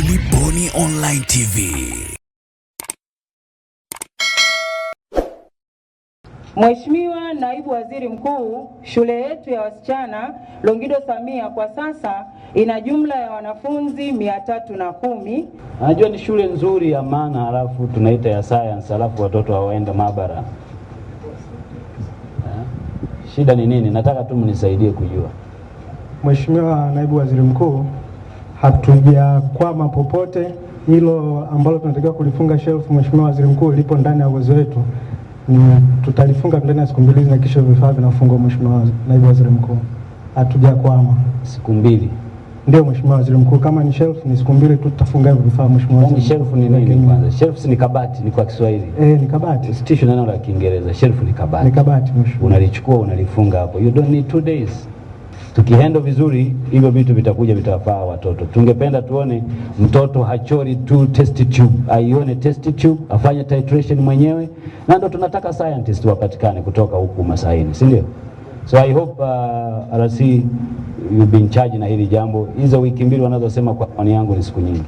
Daily Boni Online TV. Mheshimiwa Naibu Waziri Mkuu, shule yetu ya wasichana Longido Samia kwa sasa ina jumla ya wanafunzi mia tatu na kumi. anajua ni shule nzuri ya maana, halafu tunaita ya science, halafu watoto hawaenda maabara. Shida ni nini? Nataka tu mnisaidie kujua. Mheshimiwa Naibu Waziri Mkuu, hatujakwama popote. Hilo ambalo tunatakiwa kulifunga shelf, Mheshimiwa Waziri Mkuu, lipo ndani ya uwezo wetu, ni tutalifunga ndani ya siku mbili na kisha vifaa vinafungwa. Mheshimiwa Naibu Waziri Mkuu, hatujakwama siku mbili. Ndio Mheshimiwa Waziri Mkuu, kama ni shelf ni siku mbili tu tutafunga hivyo vifaa. Mheshimiwa Waziri Mkuu, yaani shelf ni nini kwanza? Shelf ni kabati, ni kwa Kiswahili eh, ni kabati, usitishe neno la Kiingereza. Shelf ni kabati, ni kabati. Mheshimiwa, unalichukua unalifunga hapo, you don't need two days. Tukihendo vizuri hivyo vitu vitakuja vitawafaa watoto. Tungependa tuone mtoto hachori tu test tube, aione test tube, afanye titration mwenyewe, na ndo tunataka scientist wapatikane kutoka huku Masaini, si ndio? So I hope uh, RC you been charge na hili jambo. Hizo wiki mbili wanazosema kwa maoni yangu ni siku nyingi.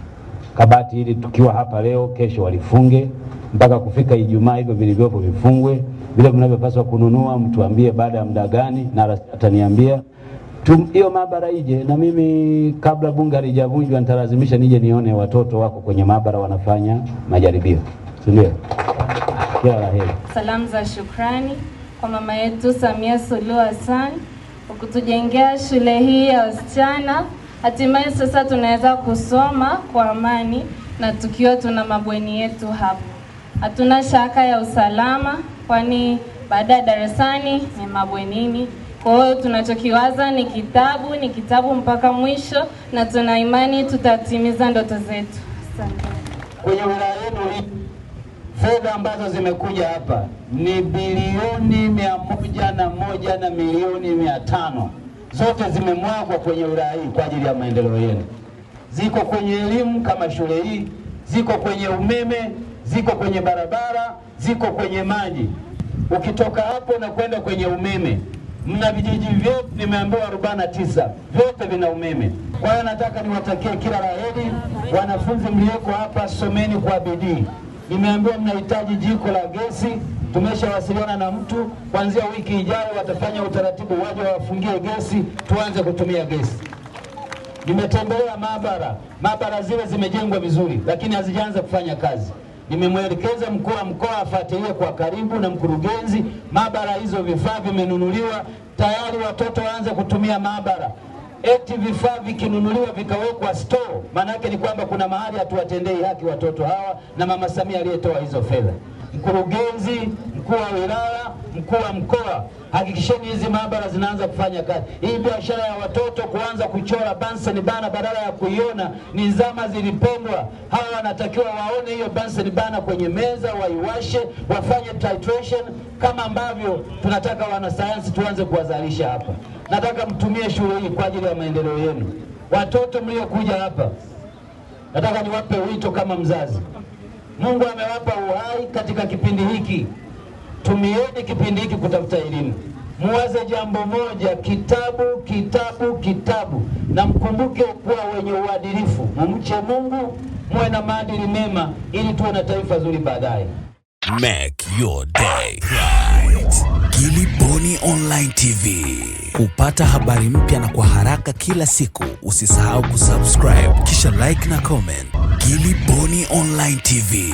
Kabati hili tukiwa hapa leo, kesho walifunge mpaka kufika Ijumaa, hivyo vilivyopo vifungwe. Vile mnavyopaswa kununua mtuambie baada ya muda gani, na ataniambia hiyo maabara ije na mimi, kabla bunge halijavunjwa, nitalazimisha nije nione watoto wako kwenye maabara wanafanya majaribio, si Kila la Salamu za shukrani kwa mama yetu Samia Suluhu Hassan kwa kutujengea shule hii ya wasichana. Hatimaye sasa tunaweza kusoma kwa amani na tukiwa tuna mabweni yetu hapo. Hatuna shaka ya usalama, kwani baada ya darasani ni mabwenini. Kwa hiyo tunachokiwaza ni kitabu, ni kitabu mpaka mwisho, na tuna imani tutatimiza ndoto zetu. Asante. Kwenye wilaya yenu fedha ambazo zimekuja hapa ni bilioni mia moja na moja na milioni mia tano zote zimemwagwa kwenye wilaya hii kwa ajili ya maendeleo yenu. Ziko kwenye elimu kama shule hii, ziko kwenye umeme, ziko kwenye barabara, ziko kwenye maji. Ukitoka hapo na kwenda kwenye umeme, mna vijiji vyote nimeambiwa tisa vyote vina umeme. Kwa hiyo nataka niwatakie kila la heri wanafunzi mlioko hapa, someni kwa bidii. Nimeambiwa mnahitaji jiko la gesi, tumeshawasiliana na mtu, kuanzia wiki ijayo watafanya utaratibu, waje wawafungie gesi, tuanze kutumia gesi. Nimetembelea maabara, maabara zile zimejengwa vizuri, lakini hazijaanza kufanya kazi. Nimemwelekeza mkuu wa mkoa afuatilie kwa karibu na mkurugenzi maabara hizo. Vifaa vimenunuliwa tayari, watoto waanze kutumia maabara. Eti vifaa vikinunuliwa vikawekwa store, maana ni kwamba kuna mahali hatuwatendei haki watoto hawa na Mama Samia aliyetoa hizo fedha mkurugenzi, mkuu wa wilaya, mkuu wa mkoa, hakikisheni hizi maabara zinaanza kufanya kazi. Hii biashara ya watoto kuanza kuchora Bunsen bana badala ya kuiona ni zama zilipendwa. Hawa wanatakiwa waone hiyo Bunsen bana kwenye meza, waiwashe, wafanye titration kama ambavyo tunataka wanasayansi tuanze kuwazalisha hapa. Nataka mtumie shule hii kwa ajili ya maendeleo yenu. Watoto mliokuja hapa, nataka niwape wito kama mzazi. Mungu amewapa katika kipindi hiki, tumieni kipindi hiki kutafuta elimu. Muwaze jambo moja, kitabu, kitabu, kitabu, na mkumbuke kuwa wenye uadilifu, mumche Mungu, muwe na maadili mema, ili tuwe na taifa zuri baadaye. Make your day right. Gilly Bonny Online TV. Kupata habari mpya na kwa haraka kila siku, usisahau kusubscribe kisha like na comment. Gilly Bonny Online TV.